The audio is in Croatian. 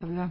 Hvala.